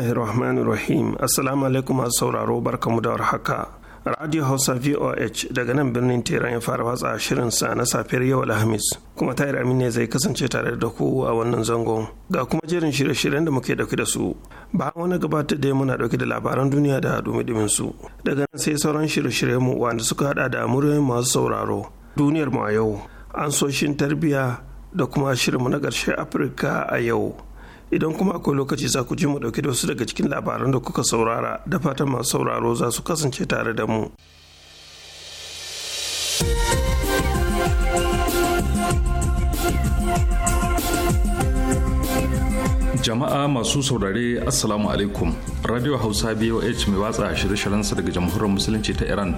bismillahi rahim assalamu alaikum masu sauraro barkamu da haka. radio hausa voh daga nan birnin teran ya fara watsa sa na safiyar yau alhamis kuma tayar amin ne zai kasance tare da ku a wannan zangon ga kuma jerin shirye-shiryen da muke dauke da su ba wani gabatar da muna dauke da labaran duniya da dumi su daga nan sai sauran shirye-shiryen mu wanda suka hada da muryoyin masu sauraro duniyar mu a yau an soshin tarbiyya da kuma shirin shirinmu na ƙarshe afirka a yau idan kuma akwai lokaci za ku ji mu dauke da wasu daga cikin labaran da kuka saurara da fatan masu sauraro za su kasance tare da mu. jama'a masu saurare assalamu alaikum radio hausa boh mai watsa shirye shiryen sa daga jamhuriyar musulunci ta iran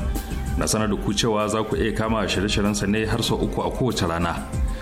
na sanar da ku cewa za ku iya kama shirye shiryen sa ne har sau uku a kowace rana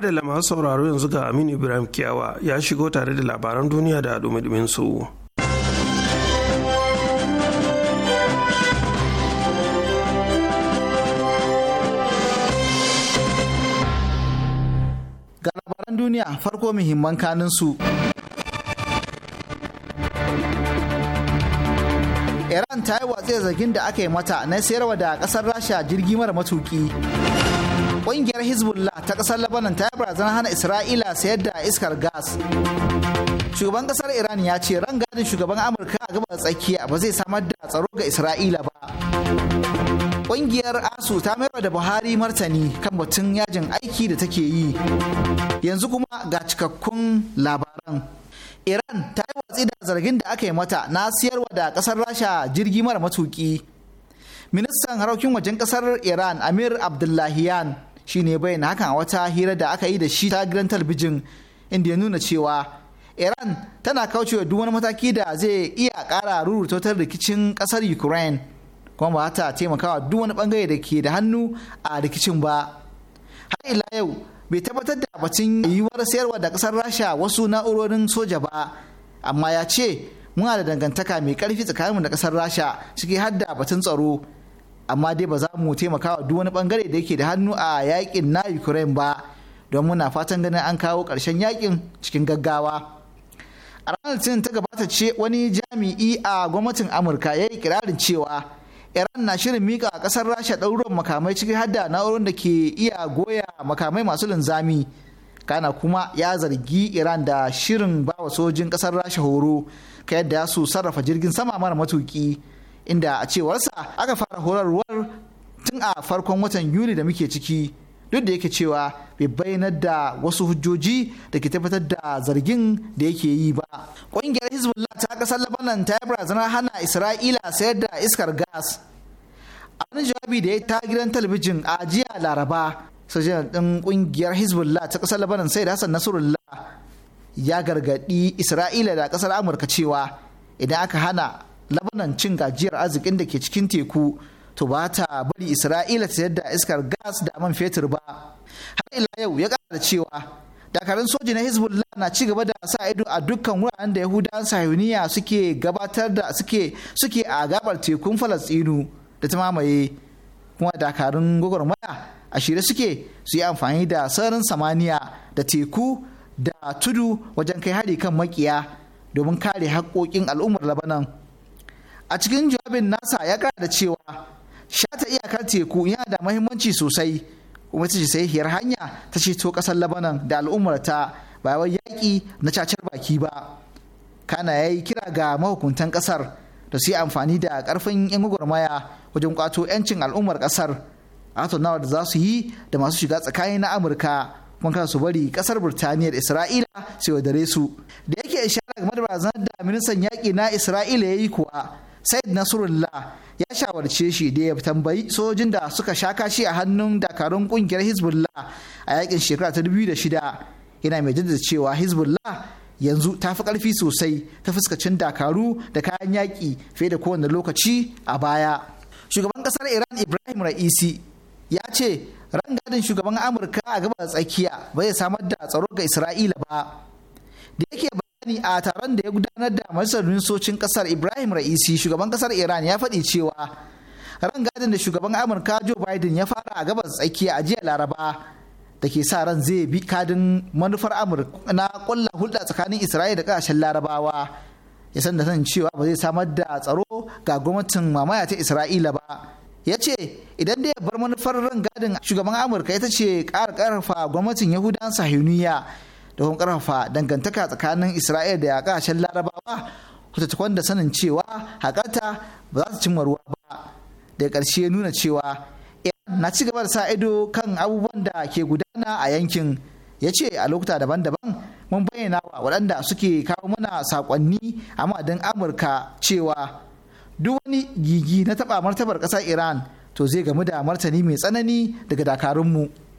adala masu sauraro yanzu ga Aminu Ibrahim Kiyawa ya shigo tare da labaran duniya da dumi su. Ga labaran duniya farko muhimman kanin su. Iran ta yi watsi zargin da aka yi mata na sayarwa da ƙasar Rasha jirgi mara matuki. Ƙungiyar Hezbollah ta ƙasar Lebanon ta yi barazanar hana Isra'ila sayar da iskar gas. Shugaban ƙasar Iran ya ce ran gadin shugaban Amurka a gaba tsakiya ba zai samar da tsaro ga Isra'ila ba. Ƙungiyar ASU ta mayar da Buhari martani kan batun yajin aiki da take yi. Yanzu kuma ga cikakkun labaran. Iran ta yi watsi da zargin da aka yi mata na siyarwa da kasar Rasha jirgi mara matuki. Ministan harokin wajen kasar Iran Amir Abdullahiyan shine bayyana hakan a wata hira da aka yi da shi ta gidan talabijin inda ya nuna cewa iran tana kaucewa duk wani mataki da zai iya kara rurutautar rikicin kasar ukraine kuma ba ta taimakawa duk wani bangare da ke da hannu a rikicin ba har ila yau bai tabbatar da batun yiwuwar sayarwa da kasar rasha wasu na'urorin soja ba amma ya ce muna da dangantaka mai karfi tsakaninmu da kasar rasha ciki hadda da batun tsaro amma dai ba za mu taimaka wa duk wani bangare da yake da hannu a yakin na ukraine ba don muna fatan ganin an kawo ƙarshen yakin cikin gaggawa a ranar tun ta gabata ce wani jami'i a gwamnatin amurka ya yi kirarin cewa iran na shirin mika a ƙasar rasha ɗaruruwan makamai ciki har da na'urar da ke iya goya makamai masu linzami kana kuma ya zargi iran da shirin bawa sojin ƙasar rasha horo ka yadda su sarrafa jirgin sama mara matuki inda a cewarsa aka fara horarwar tun a farkon watan yuli da muke ciki duk da yake cewa bai bayyanar da wasu hujjoji da ke tabbatar da zargin da yake yi ba ƙungiyar hezbollah ta ƙasar labanan ta yi barazanar hana isra'ila sayar da iskar gas a wani jawabi da ya ta gidan talabijin a jiya laraba sojan ɗin ƙungiyar hezbollah ta ƙasar labanan sai da hassan nasrullah ya gargaɗi isra'ila da ƙasar amurka cewa idan aka hana labanan cin gajiyar arzikin da ke cikin teku to ba ta bari isra'ila ta yadda iskar gas da man fetur ba har ila yau ya kara da cewa dakarun soji na hezbollah na ci gaba da sa ido a dukkan wuraren da yahudawan sahiyuniya suke gabatar da suke suke a gabar tekun falastinu da ta mamaye kuma dakarun gwagwarmaya a shirye suke su yi amfani da sararin samaniya da teku da tudu wajen kai hari kan makiya domin kare haƙoƙin al'ummar labanan a cikin jawabin nasa ya kara da cewa shata iyakar teku yana da mahimmanci sosai kuma ita ce sahihiyar hanya ta ceto kasar labanan da al'ummarta ba wai yaƙi na cacar baki ba kana ya yi kira ga mahukuntan kasar da su yi amfani da karfin yan gwagwarmaya wajen kwato 'yancin al'ummar kasar a da za su yi da masu shiga tsakanin na amurka kuma kada su bari kasar Birtaniya da Isra'ila su yaudare su. Da yake ishara game da barazanar da ministan yaƙi na Isra'ila ya yi kuwa said nasrullah ya shawarce shi da ya tambayi sojin da suka sha kashi a hannun dakarun kungiyar hezbollah a yakin shekara ta 2006 yana mai jaddada cewa hezbollah yanzu ta fi karfi sosai ta fuskacin dakaru da kayan yaƙi fiye da kowane lokaci a baya shugaban ƙasar iran ibrahim ra'isi ya ce rangadin shugaban amurka a gaba da tsakiya bai samar da tsaro ga isra'ila ba da yake bayani a taron da ya gudanar da majalisar ministocin kasar ibrahim ra'isi shugaban kasar iran ya faɗi cewa ran gadin da shugaban amurka joe biden ya fara a gabas tsakiya a jiya laraba da ke sa ran zai bi kadin manufar amurka na kulla hulɗa tsakanin isra'ila da kasashen larabawa ya san da san cewa ba zai samar da tsaro ga gwamnatin mamaya ta isra'ila ba ya ce idan dai bar manufar rangadin shugaban amurka ita ce ƙara ƙarfa gwamnatin yahudan sahiniya da kuma karfafa dangantaka tsakanin isra'il da kasashen larabawa kwatattakon da sanin cewa hakarta ba za su cimma ruwa ba da ƙarshe nuna cewa iran na ci gaba da sa ido kan abubuwan da ke gudana a yankin ya ce a lokuta daban-daban mun bayyana wa waɗanda suke kawo mana saƙonni a ma'adin amurka cewa duk wani gigi na taɓa martabar ƙasar iran to zai gamu da martani mai tsanani daga dakarunmu.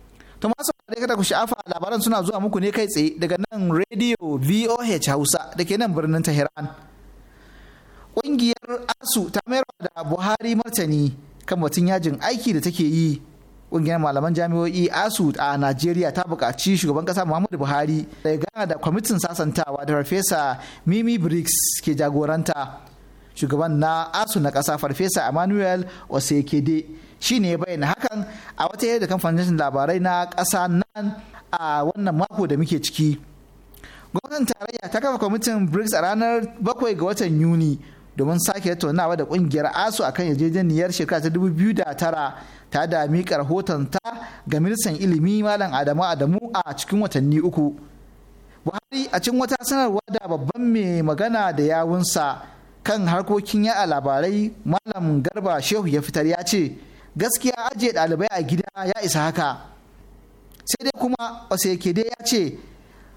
To masu da kada ku sha'afa labaran suna zuwa muku ne kai tsaye daga nan Radio VOH Hausa da ke nan birnin Tehran. Ƙungiyar ASU ta mayar da Buhari martani kan batun yajin aiki da take yi. Ƙungiyar malaman jami'o'i ASU a Najeriya ta buƙaci shugaban ƙasa Muhammadu Buhari daga gana da kwamitin sasantawa da Farfesa Mimi Briggs ke jagoranta. Shugaban na ASU na ƙasa Farfesa Emmanuel Osekede shi ne bayyana hakan a wata yadda kamfanin labarai na ƙasa nan a wannan mako da muke ciki gwamnatin tarayya ta kafa kwamitin brics a ranar 7 ga watan yuni domin sake tattaunawa da kungiyar asu akan yarjejeniyar shekara ta 2009 ta da miƙa rahoton ta ga ministan ilimi malam adamu adamu a cikin watanni uku buhari a cikin wata sanarwa da babban mai magana da yawunsa kan harkokin ya'a labarai malam garba shehu ya fitar ya ce gaskiya ajiye ɗalibai a gida ya isa haka sai dai kuma dai ya ce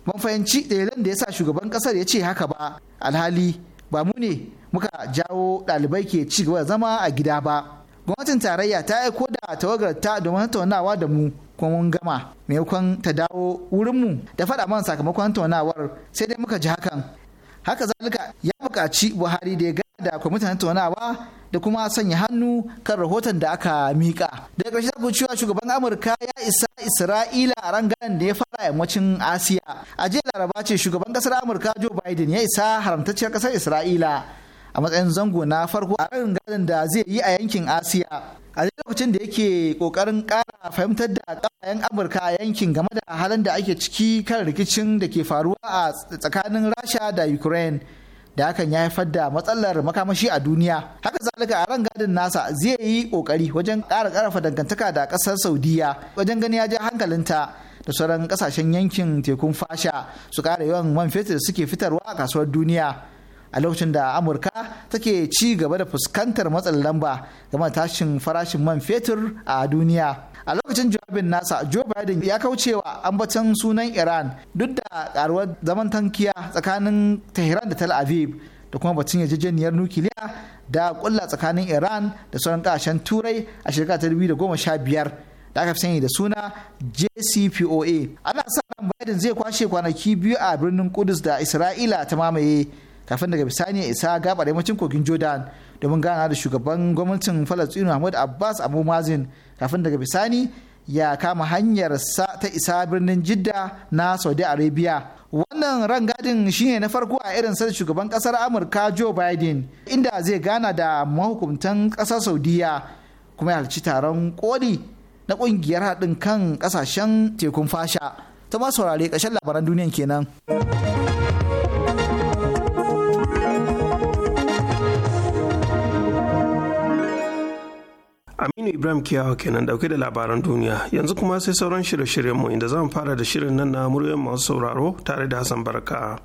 ban fahimci dalilan da ya sa shugaban ƙasar ya ce haka ba alhali ba mu ne muka jawo ɗalibai ke ci gaba da zama a gida ba gwamnatin tarayya ta aiko da tawagar ta domin tattaunawa da mu kuma mun gama maimakon ta dawo mu. da faɗa man sakamakon tattaunawar sai dai muka ji hakan haka zalika ya buƙaci buhari da ya gada kwamitin tattaunawa da kuma sanya hannu kan rahoton da aka mika daga ƙarshe za ku cewa shugaban amurka ya isa isra'ila a rangaren da ya fara yammacin asiya a jiya laraba ce shugaban ƙasar amurka joe biden ya isa haramtacciyar ƙasar isra'ila a matsayin zango na farko a rangaren da zai yi a yankin asiya a lokacin da yake kokarin kara fahimtar da kawayen amurka a yankin game da halin da ake ciki kan rikicin da ke faruwa a tsakanin rasha da ukraine da hakan ya haifar da matsalar makamashi a duniya haka zalika a gadin nasa zai yi kokari wajen ƙara ƙarfa dangantaka da ƙasar saudiya wajen gani ya ja hankalinta da sauran ƙasashen yankin tekun fasha su ƙara yawan man fetur suke fitarwa a kasuwar duniya a lokacin da amurka take ci gaba da fuskantar matsalar lamba game da tashin farashin man fetur a duniya a lokacin jawabin nasa joe biden ya kaucewa ambaton sunan iran duk da karuwar zaman tankiya tsakanin tehran da tel aviv da kuma batun yarjejeniyar nukiliya da kulla tsakanin iran da sauran kasashen turai a shekara ta 2015 da aka fi sani da suna jcpoa ana sa ran biden zai kwashe kwanaki biyu a birnin kudus da isra'ila ta mamaye kafin daga bisani ya isa gabar yammacin kogin jordan domin gana da shugaban gwamnatin falastinu ahmad abbas abu mazin kafin daga bisani ya kama hanyar sa ta isa birnin jidda na saudi arabia wannan rangadin shine na farko a irin sa shugaban kasar amurka joe biden inda zai gana da mahukuntan kasar saudiya kuma ya halci taron koli na kungiyar haɗin kan kasashen tekun fasha ta masu saurare ƙarshen labaran duniyan kenan. Aminu Ibrahim Kiyawa kenan dauke da labaran duniya yanzu kuma sai sauran shirye shiryen mu. inda zamu fara da shirin nan na muryoyin masu sauraro tare da Hassan Barka.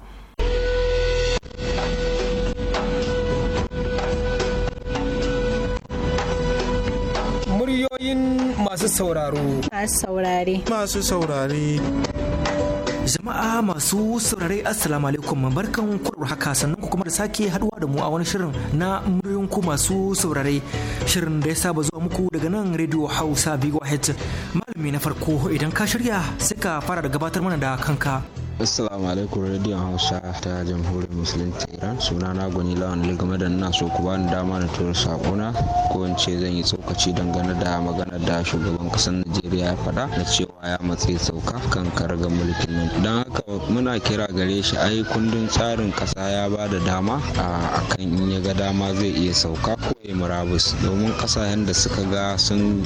Muryoyin masu sauraro. Masu saurare. Masu saurare. Jama'a masu saurare Assalamu alaikum barkan kurar haka sannan kuma da sake haduwa da mu a wani shirin na muryoyin ku masu saurare shirin da ya saba zuwa muku daga nan Radio Hausa BYH malami na farko idan ka shirya sai ka fara da gabatar mana da kanka. assalamu alaikum radio hausa ta jamhuriyar musulunci iran suna na gwani lawan game da ina so ku bani dama na tura sakona ko in ce zan yi tsokaci dangane da magana da shugaban kasar najeriya ya fada na cewa ya matse sauka kan karga mulkin nan don haka muna kira gare shi ai kundin tsarin kasa ya ba da dama a kan in ya ga dama zai iya sauka ko ya murabus domin kasashen da suka ga sun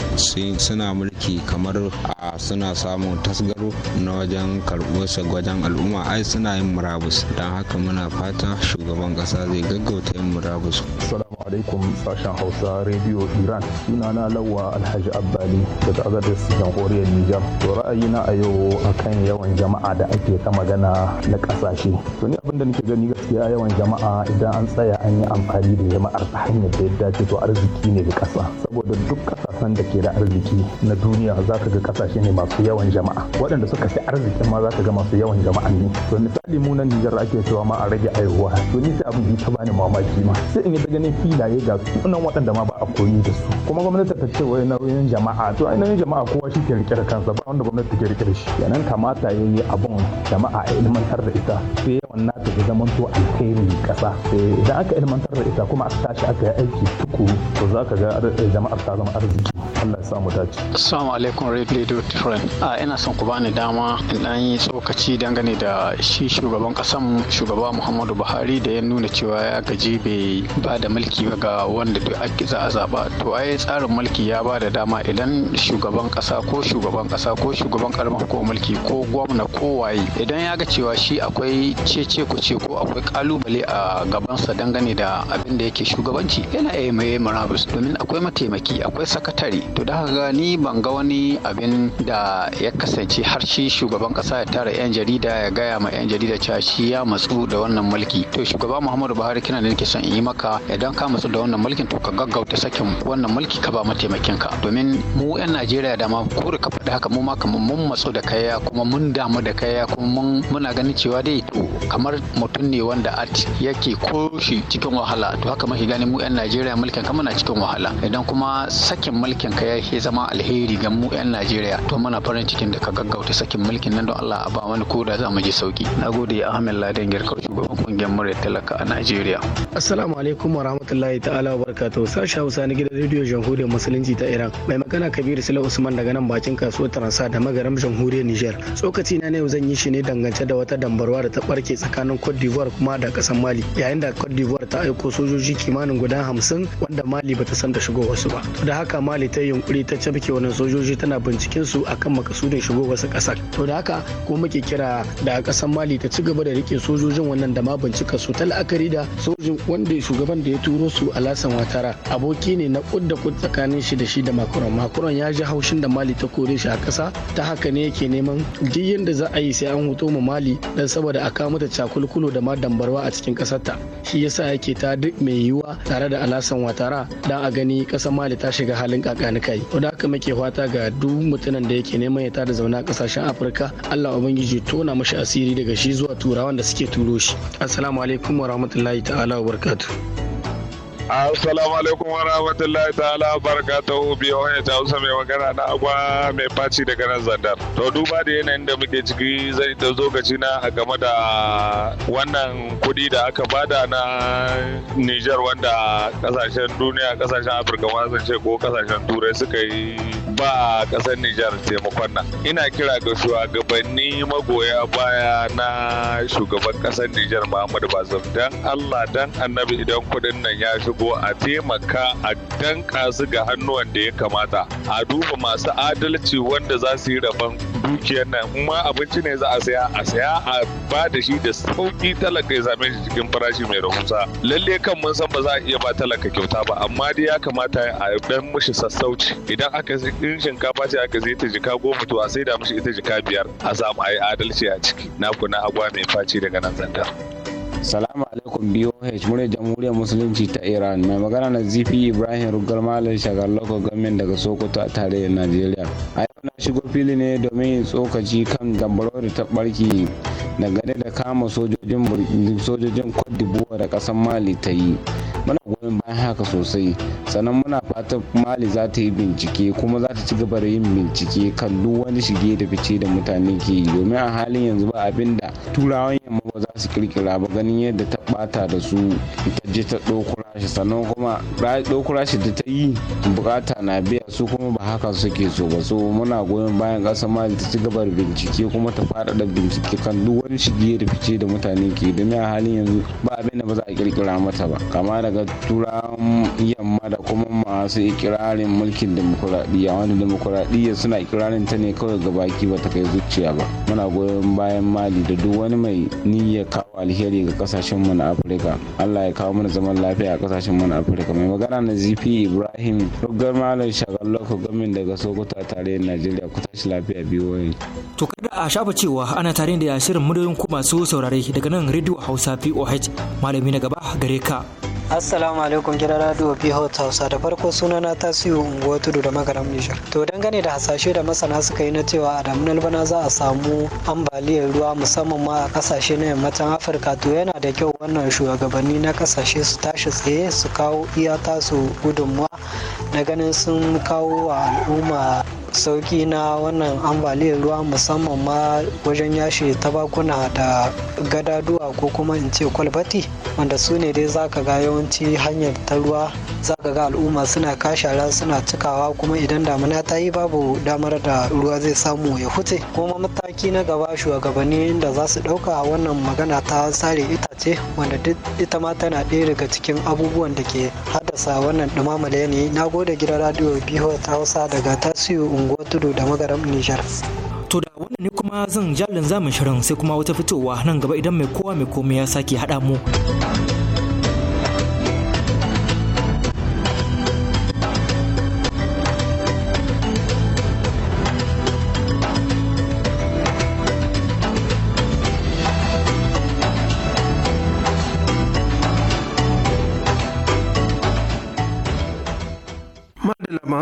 suna mulki kamar suna samun tasgaro na wajen karɓo wajen al'umma ai suna yin murabus don haka muna fata shugaban kasa zai gaggauta yin murabus assalamu alaikum sashen hausa rediyo iran na lawa alhaji abbali daga agadis jamhuriyar nijar to ra'ayina a yau akan yawan jama'a da ake ta magana na kasashe to ni abin da nake gani gaskiya yawan jama'a idan an tsaya an yi amfani da jama'ar ta hanyar da ya dace to arziki ne da kasa saboda duk kasashen da ke da arziki na duniya za ka ga kasashe ne masu yawan jama'a waɗanda suka fi arzikin ma za ka ga masu yawan jama'a jama'an ne to misali mu nan Nijar ake cewa ma a rage aihuwa to ni sai abin ta bani mamaki ma sai in yi daga ganin filaye ga sunan waɗanda ma ba a koyi da su kuma gwamnati ta ce wai nauyin jama'a to ai nauyin jama'a kowa shi ke rike kansa ba wanda gwamnati ke rike da shi kenan kamata ya yi abun jama'a a ilmantar da ita sai yawan nata ya zama to alkhairin ƙasa eh, idan aka ilmantar da ita kuma aka tashi aka yi aiki tukuru to za ka ga eh, jama'ar ta zama arziki Allah ya samu dace. Assalamu alaikum Radio Different. Ah, ina son ku bani dama in dan yi tsokaci dangane dangane da shi shugaban kasan shugaba muhammadu buhari da ya nuna cewa ya gaji bai ba da mulki ba ga wanda duk ake za a zaba to ai tsarin mulki ya ba da dama idan shugaban kasa ko shugaban kasa ko shugaban karamar ko mulki ko gwamna ko waye idan ya ga cewa shi akwai cece ku ce ko akwai kalubale a gabansa dangane da abin da yake shugabanci yana iya maye murabus domin akwai mataimaki akwai sakatare to da ga ni ban ga wani abin da ya kasance har shi shugaban kasa ya tara yan jarida najeriya ya gaya ma 'yan jarida cewa shi ya matsu da wannan mulki to shugaba muhammadu buhari kina da nake son in yi maka idan ka matsu da wannan mulkin to ka gaggauta sakin wannan mulki ka ba mataimakin ka domin mu 'yan najeriya dama da ka faɗi haka mu ma kamar mun matsu da kaya kuma mun damu da kaya kuma mun muna ganin cewa dai to kamar mutum ne wanda at yake koshi cikin wahala to haka muke gani mu 'yan najeriya mulkin ka muna cikin wahala idan kuma sakin mulkin ka ya zama alheri ga mu 'yan najeriya to muna farin cikin da ka gaggauta sakin mulkin nan don allah a ba mana da. lafiya za mu ji sauki na gode ahmed laden girka shugaban kungiyar murya talaka a najeriya assalamu alaikum wa rahmatullahi ta'ala wa barakatuh sashi hausa na gidan rediyo jamhuriyar musulunci ta iran mai magana kabir sila usman daga nan bakin kasuwar transa da magaram jamhuriyar niger tsokaci na yau zan yi shi ne dangance da wata dambarwa da ta barke tsakanin cote d'ivoire kuma da kasar mali yayin da cote d'ivoire ta aiko sojoji kimanin guda hamsin wanda mali bata san da wasu ba to da haka mali ta yunkuri ta cafke wannan sojoji tana binciken su akan makasudin shigowarsu kasar to da haka ko muke kira da da kasar mali ta ci gaba da rike sojojin wannan da ma bincika su ta la'akari da sojin wanda shugaban da ya turo su alasan watara aboki ne na kud da tsakanin shi da shi da macron macron ya ji haushin da mali ta kore shi a kasa ta haka ne yake neman duk yadda za a yi sai an hoto ma mali dan saboda a kawo mata cakulkulo da ma dambarwa a cikin kasarta shi yasa yake ta duk mai yiwuwa tare da alasan watara dan a gani kasar mali ta shiga halin kakanikai to da haka muke fata ga duk mutumin da yake neman ya tada zaune a kasashen afirka allah ubangiji tona nuna mashi asiri daga shi zuwa turawan da suke turo shi assalamu alaikum wa rahmatullahi ta'ala wa barkatu Assalamu alaikum wa rahmatullahi ta'ala barka ta hubi wani ta mai magana na agwa mai faci daga nan zandar. To duba da yanayin da muke ciki zai zo zogaci na a game da wannan kuɗi da aka bada na Nijar wanda kasashen duniya kasashen Afirka ma sun ce ko kasashen Turai suka yi ba kasar Nijar taimakon nan. Ina kira ga shugabanni magoya baya na shugaban kasar Nijar Muhammadu Bazum dan Allah dan annabi idan kudin nan ya shigo to a taimaka a danka su ga hannuwan da ya kamata a duba masu adalci wanda za su yi rabon dukiyar nan in ma abinci ne za a saya a saya a ba da shi da sauki talaka ya same shi cikin farashi mai rahusa lalle kan mun san ba za a iya ba talaka kyauta ba amma dai ya kamata a dan mishi sassauci idan aka in shinkafa ce aka zai ta jika goma to a sai da mishi ita jika biyar a samu a yi adalci a ciki na kuna agwa mai faci daga nan zanta. Salamu alaikum BOH murya jamhuriyar musulunci ta Iran mai magana na zifi Ibrahim Rugar Malam Shagar Gamin daga Sokoto a tarayyar Najeriya. A yau na shigo fili ne domin yin tsokaci kan da ta barki dangane da kama sojojin sojojin da kasar Mali ta yi. Muna goyon bayan haka sosai sannan muna fata Mali za ta yi bincike kuma za ta ci gaba da yin bincike kan duk wani shige da fice da mutane ke yi domin a halin yanzu ba abin da turawan yamma ba za su kirkira ba gani ganin yadda ta bata da su ta je ta dokura shi sannan kuma dokura shi da ta yi bukata na biya su kuma ba haka suke so ba so muna goyon bayan ƙasar mali ta ci gabar bincike kuma ta faɗaɗa bincike kan duk wani shige da fice da mutane ke da a halin yanzu ba abin da ba za a kirkira mata ba kama daga turawan yamma da kuma masu ikirarin mulkin demokuraɗiyya wanda demokuraɗiyya suna ikirarin ta ne kawai ga baki ba ta kai zuciya ba muna goyon bayan mali da duk wani mai niyya kawo alheri ga kasashen mu na afirka allah ya kawo mana zaman lafiya a kasashen mu na afirka mai magana na zp ibrahim rugar malam shagallo ku gamin daga sokoto a na najeriya ku tashi lafiya biyu to kada a shafa cewa ana tare da shirin muryoyin ku masu saurare daga nan radio hausa poh malami na gaba gare ka. assalamu alaikum gidan radio bihot hausa da farko sunana tasiu unguwa tudu da magaran nishar to dangane da hasashe da masana suka yi na cewa a damunar bana za a samu ambaliyar ruwa musamman ma a kasashe na yammacin afirka to yana da kyau wannan shugabanni na kasashe su tashi tsaye su kawo iya tasu gudunmuwa na ganin sun kawo wa al'umma sauki na wannan ambaliyar ruwa musamman ma wajen yashe tabakuna da gadaduwa ko kuma in ce kwalbati wanda su ne dai zaka ga yawanci hanyar ta ruwa zaka ga al'umma suna kashara suna cikawa kuma idan damina ta yi babu damar da ruwa zai samu ya huce kuma mataki na gaba shugabanni da za su ɗauka wannan magana ta sare itace wanda duk ita ma tana ɗaya daga cikin abubuwan da ke haddasa wannan ɗumamar yanayi na gode gidan radiyo biyu ta hausa daga tasiri unguwar tudu da magaram nijar to da wannan ne kuma zan jalin zamun shirin sai kuma wata fitowa nan gaba idan mai kowa mai komai ya sake haɗa mu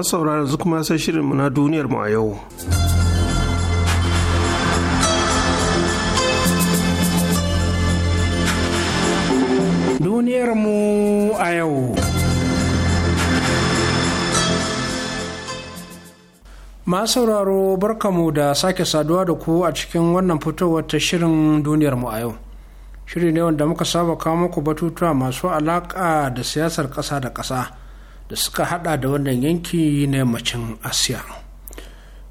masu sauraron yanzu kuma sai mu na duniyar mu a yau. Duniyar mu a yau. Masu sauraro barkamu da sake saduwa da ku a cikin wannan fitowar ta shirin duniyar mu a yau. Shiri ne wanda muka saba kawo muku batutuwa masu alaƙa da siyasar ƙasa da ƙasa. da suka hada da wannan yanki na yammacin asiya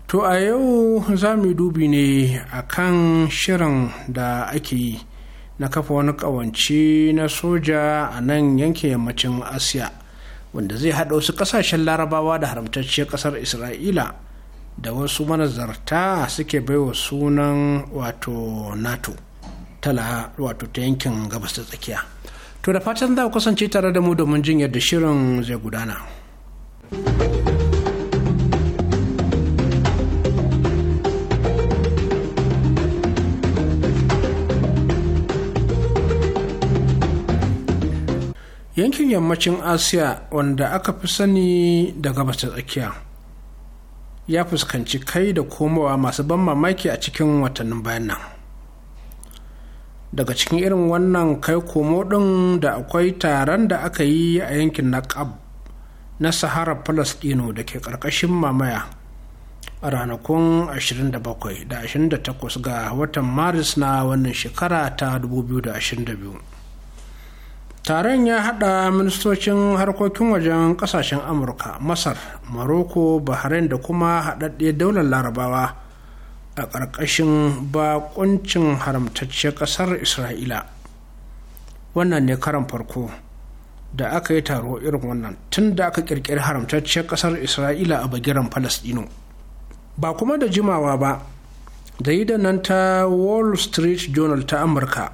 to a yau za mu dubi ne a kan shirin da ake yi na kafa wani kawance na soja a nan yankin yammacin asiya wanda zai hada wasu kasashen larabawa da haramtacciyar kasar isra'ila da wasu manazarta suke baiwa sunan wato nato ta yankin gabas ta tsakiya to da fatan za ku kasance tare da mu domin jin yadda shirin zai gudana yankin yammacin asiya wanda aka fi sani da gabas ta tsakiya ya fuskanci kai da komowa masu ban mamaki a cikin watannin bayan nan daga cikin irin wannan kai komo ɗin da akwai taron da aka yi a yankin naqab na sahara palestino da ke ƙarƙashin mamaya a ranakun 27 da 28 ga watan maris na wannan shekara ta 2022 taron ya hada ministocin harkokin wajen kasashen amurka masar maroko bahrain da kuma haɗaɗɗe daular larabawa a ƙarƙashin bakuncin haramtacciyar ƙasar isra'ila wannan ne karan farko da aka yi taro irin wannan tun da aka ƙirƙiri haramtacciyar ƙasar isra'ila a bagiran palestino ba kuma da jimawa ba da yi da nan ta wall street journal ta amurka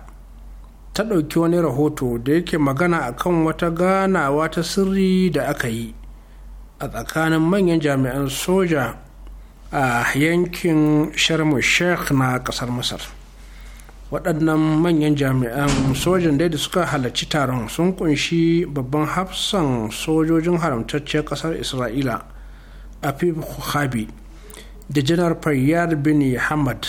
ta ɗauki wani rahoto da yake magana akan wata ganawa ta sirri da aka yi a tsakanin manyan jami'an soja a yankin sharmu sheikh na kasar masar waɗannan manyan jami'an sojan dai da suka halarci taron sun kunshi babban hafsan sojojin haramtacciyar ƙasar isra'ila afif khabi da janar fayyar bin hamad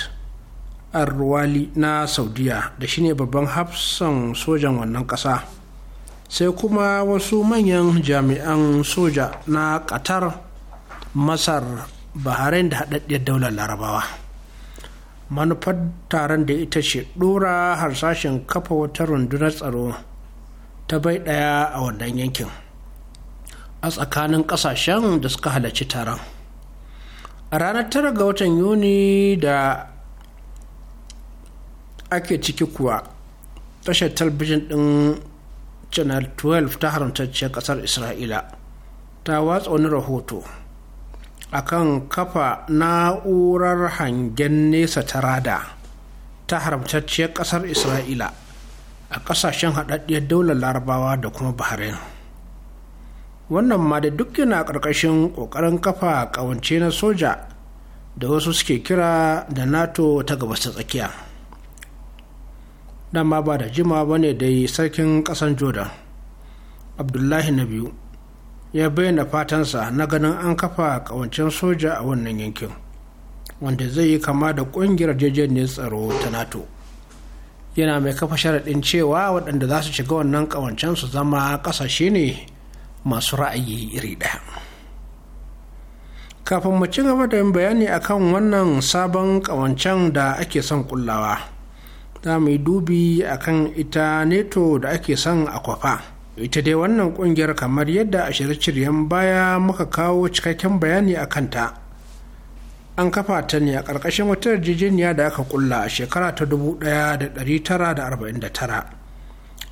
arwali na saudiya da shine babban hafsan sojan wannan ƙasa sai kuma wasu manyan jami'an soja na qatar masar bahrain da haɗaɗɗiyar daular larabawa manufar taron da ita ce ɗora harsashin kafa wata rundunar tsaro ta bai ɗaya a wannan yankin a tsakanin ƙasashen da suka halarci taron a ranar tara ga watan yuni da ake ciki kuwa tashar talbijin ɗin channel 12 ta haramtacciyar ƙasar isra'ila ta watsa wani rahoto akan kafa na'urar hangen nesa ta rada ta haramtacciyar ƙasar isra'ila a ƙasashen haɗaɗɗiyar daular larabawa da kuma bahrain wannan ma da duk yana ƙarƙashin ƙoƙarin kafa ƙawance na soja da wasu suke kira da nato ta gabas ta tsakiya dama ba da jima bane dai sarkin ƙasan jordan abdullahi na biyu ya bayyana fatansa na ganin an kafa kawancin soja a wannan yankin wanda zai yi kama da kungiyar jejeniyar tsaro ta nato yana mai kafa sharaɗin cewa waɗanda za su shiga wannan kawancen su zama ƙasashe ne masu ra'ayi iri ɗaya kafin mu ci gaba da yin bayani akan wannan sabon kawancen da ake son kullawa za mu yi dubi akan ita neto da ake son akwafa. kwafa ita dai wannan kungiyar kamar yadda a shirye-shiryen baya muka kawo cikakken bayani a kanta an kafa ta ne a ƙarƙashin wata yarjejeniya da aka kulla a shekara ta 1949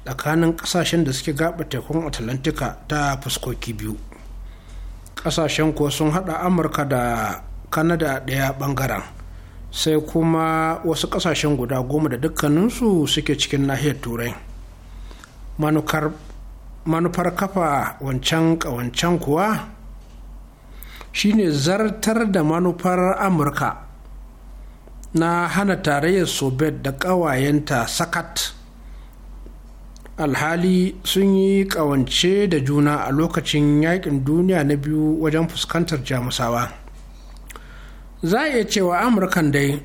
tsakanin ƙasashen da suke gaba tekun atlantika ta fuskoki biyu ƙasashen ko sun haɗa amurka da kanada ɗaya ɓangaren sai kuma wasu ƙasashen guda goma da dukkaninsu suke cikin nahiyar turai manukar manufar kafa wancan ƙawancen kuwa shine zartar da manufar amurka na hana tarayyar soviet da ƙawayenta sakat alhali sun yi ƙawance da juna a lokacin yakin duniya na biyu wajen fuskantar jamusawa za a iya cewa amurkan dai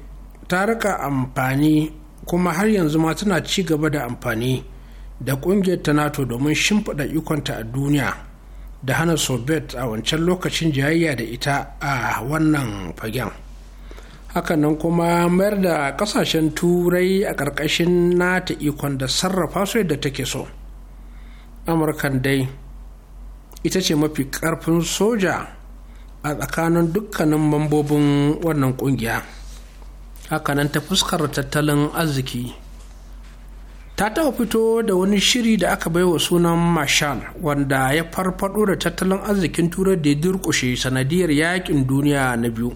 ta rika amfani kuma har yanzu ma tana ci gaba da amfani da ƙungiyar ta nato domin shimfiɗa ikonta a duniya da hana soviet a wancan lokacin jayayya da ita a wannan fagen hakanan kuma mayar da ƙasashen turai a ƙarƙashin nata ikon da sarrafa su yadda take so amurkan dai ita ce mafi ƙarfin soja a tsakanin dukkanin mambobin wannan ƙungiya hakanan ta fuskar tattalin arziki ta taɓa fito da wani shiri da aka baiwa sunan marshal wanda ya farfado da tattalin arzikin turai da ya durƙushe sanadiyar yakin duniya na biyu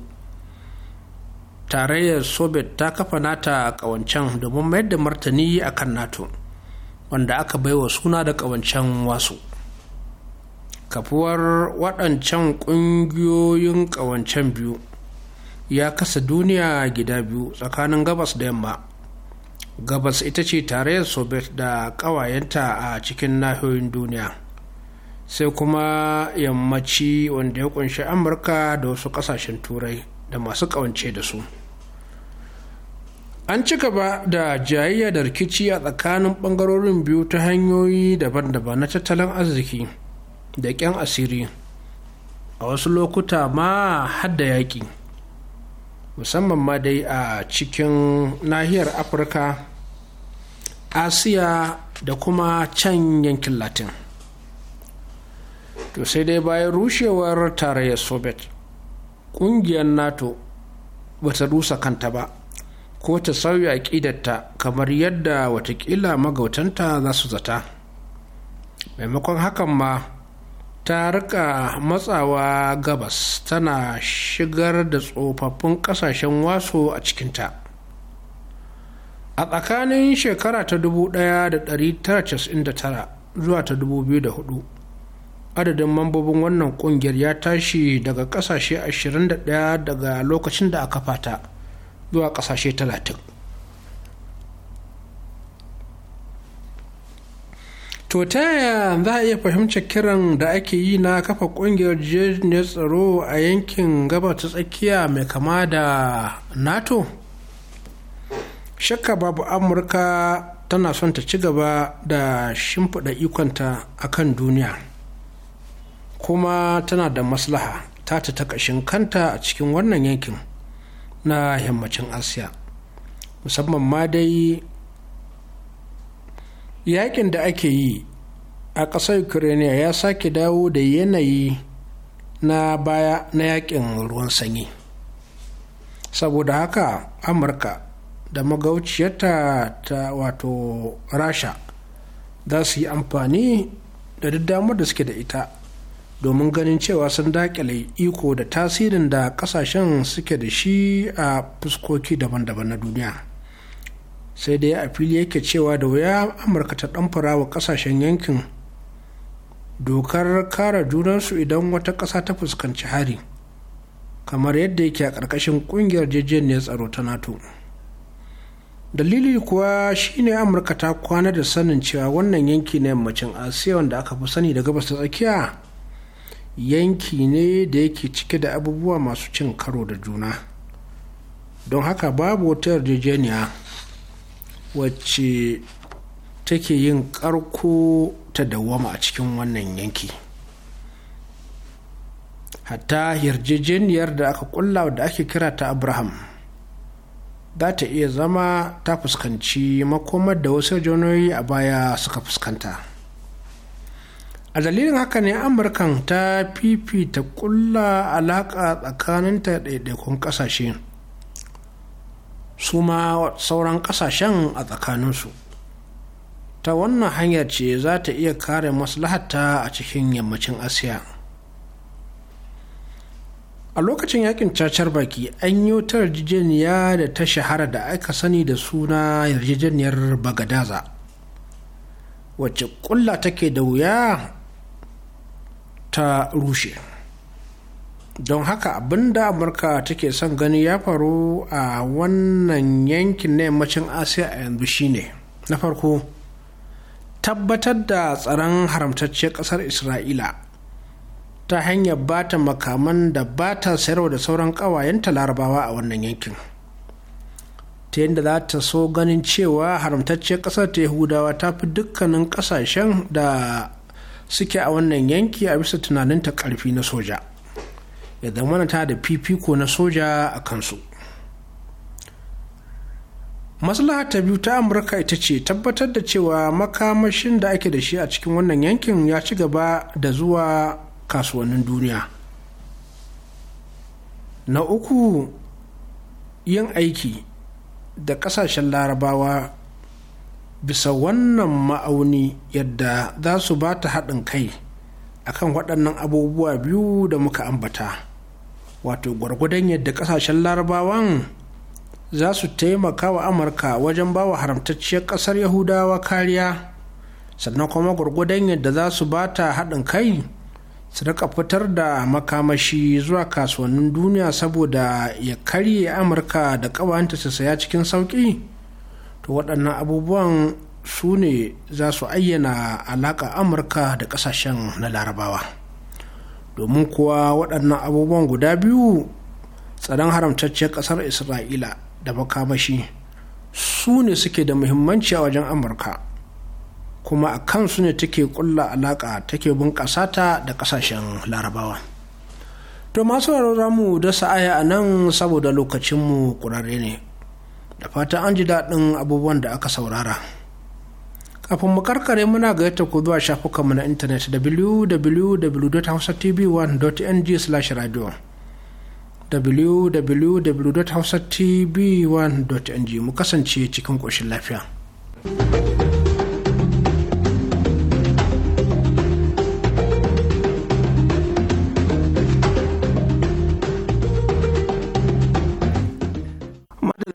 tarayyar soviet ta kafa nata ƙawancen domin mayar da martani a kan nato wanda aka baiwa suna da ƙawancen wasu kafuwar waɗancan ƙungiyoyin ƙawancen biyu ya kasa duniya gida biyu tsakanin gabas da yamma gabas ita ce tarayyar soviet da kawayenta a cikin nahiyoyin duniya sai kuma yammaci wanda ya kunshi amurka da wasu ƙasashen turai da masu ƙawance da su an ci gaba da jayayya da rikici a tsakanin ɓangarorin biyu ta hanyoyi daban-daban na tattalin arziki da kyan asiri a wasu lokuta ma hadda yaƙi musamman ma dai a cikin nahiyar afirka asiya da kuma can yankin latin to sai dai bayan rushewar tarayyar soviet ƙungiyar nato ba ta rusa kanta ba ko ta sauya ƙidata kamar yadda watakila magautanta za su zata maimakon hakan ma ta rika matsawa gabas tana shigar da tsofaffin kasashen wasu a cikinta a tsakanin shekara ta 1999 zuwa ta 2004 adadin mambobin wannan kungiyar ya tashi daga kasashe 21 daga lokacin da aka fata zuwa kasashe 30 to ta yaya za a iya fahimci kiran da ake yi na kafa kungiyar jirgin tsaro a yankin gaba ta tsakiya mai kama da nato shakka babu amurka tana son ta ci gaba da shimfiɗa ikonta a kan duniya kuma tana da maslaha ta ta ƙashin kanta a cikin wannan yankin na yammacin asiya musamman ma dai yakin da ake yi a ƙasar ukraine ya sake dawo da yanayi na baya na yakin ruwan sanyi saboda haka amurka da magauciyarta ta wato rasha za su yi amfani da duk damar da suke da ita domin ganin cewa sun dakile iko da tasirin da kasashen suke da shi a fuskoki daban-daban na duniya. sai dai a fili yake cewa da wuya amurka ta ɗanfara wa ƙasashen yankin dokar kara junansu idan wata ƙasa ta fuskanci hari kamar yadda yake a ƙarƙashin ƙungiyar ne tsaro ta nato dalili kuwa shine amurka ta kwana da sanin cewa wannan yanki na yammacin asiya wanda aka fi sani da gabas ta tsakiya yanki ne da yake cike da abubuwa masu cin karo da juna don haka babu wata yarjejeniya wacce take yin karko ta dawama a cikin wannan yanki hatta yarjejeniyar da aka kulla da ake kira ta abraham za ta iya zama ta fuskanci makomar da wasu jonoyi a baya suka fuskanta a dalilin haka ne amurkan ta fifita kulla alaƙa tsakaninta ɗaiɗaikun ƙasashe su ma sauran kasashen a tsakaninsu ta wannan hanyar ce za ta iya kare maslahata a cikin yammacin asiya a lokacin yakin cacar baki an yi ta yarjejeniya da ta shahara da aka sani da suna yarjejeniyar bagadaza wacce kulla take da wuya ta rushe don haka abinda amurka take son gani ya faru a wannan yankin na yammacin asiya a yanzu shine na farko tabbatar da tsaron haramtacciyar ƙasar isra'ila ta hanyar ba ta makaman da ba ta sayarwa da sauran ƙawayenta larabawa a wannan yankin ta yadda za ta so ganin cewa haramtacciyar ƙasar ta yahudawa ta fi dukkanin ƙasashen da suke a wannan yanki a bisa tunaninta karfi na soja. ya zamana ta da fifiko na soja a kansu maslaha ta biyu ta amurka ita ce tabbatar da cewa makamashin da ake da shi a cikin wannan yankin ya ci gaba da zuwa kasuwannin duniya na uku yin aiki da kasashen larabawa bisa wannan ma'auni yadda za su ba ta haɗin kai akan waɗannan abubuwa biyu da muka ambata. wato gwargwadon yadda kasashen larabawan za su taimaka wa amurka wajen ba wa haramtacciyar kasar yahudawa kariya sannan kuma gwargwadon yadda za su ba ta haɗin kai su rika fitar da makamashi zuwa kasuwannin duniya saboda ya karye amurka da kawanta su saya cikin sauƙi to waɗannan abubuwan su ne za su ayyana alaƙa amurka da ƙasashen na larabawa. domin kuwa waɗannan abubuwan guda biyu tsaron haramtacciyar ƙasar isra'ila da makamashi su ne suke da muhimmanci a wajen amurka kuma a su ne take ƙulla alaƙa take bunƙasa ta da ƙasashen larabawa to masu mu da sa'aya a nan saboda lokacinmu ƙurare ne da fata an ji daɗin abubuwan da aka saurara. kafin mu karkare muna ga yadda ku zuwa shafukanmu na intanet www.hausatv1.ng/radio www.hausatv1.ng mu kasance cikin ƙoshin lafiya.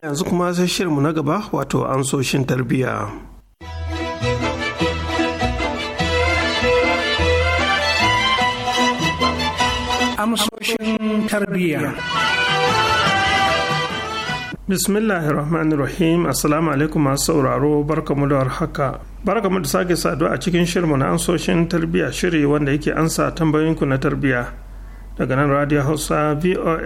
yanzu kuma sai shirinmu na gaba wato ansoshin tarbiyya. amsoshin tarbiyya. bismillahir rahmanir rahim assalamu alaikum masu sauraro barkamu da haka barkamu da sake saduwa a cikin shirmu na amsoshin tarbiyya shiri wanda yake ansa tambayoyinku na tarbiyya daga nan radio hausa voh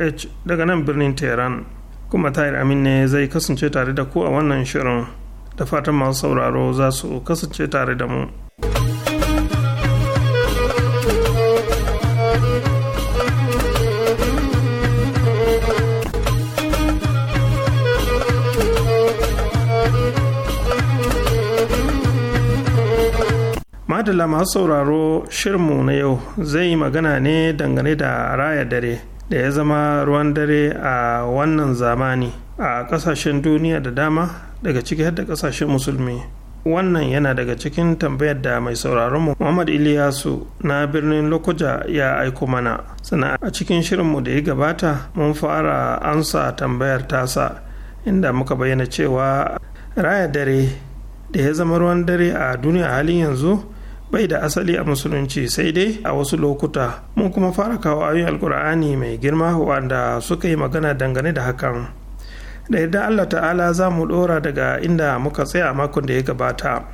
daga nan birnin tehran kuma tahir amin ne zai kasance tare da ku a wannan shirin da fatan masu sauraro za su kasance tare da mu. madalla masu sauraro shirinmu na yau zai yi magana ne dangane da raya dare da ya zama ruwan dare a wannan zamani a kasashen duniya da dama daga ciki har da kasashen musulmi wannan yana daga cikin tambayar da mai sauraron mu muhammad iliyasu na birnin lokoja ya aiko mana sana a cikin shirinmu da ya gabata mun fara ansa tambayar tasa inda muka bayyana cewa raya dare da ya zama ruwan dare a duniya halin yanzu bai da asali a musulunci sai dai a wasu lokuta mun kuma fara kawo ayoyin alkur'ani mai girma wanda suka yi magana dangane da hakan da yadda allah ta'ala za mu dora daga inda muka tsaya makon da ya gabata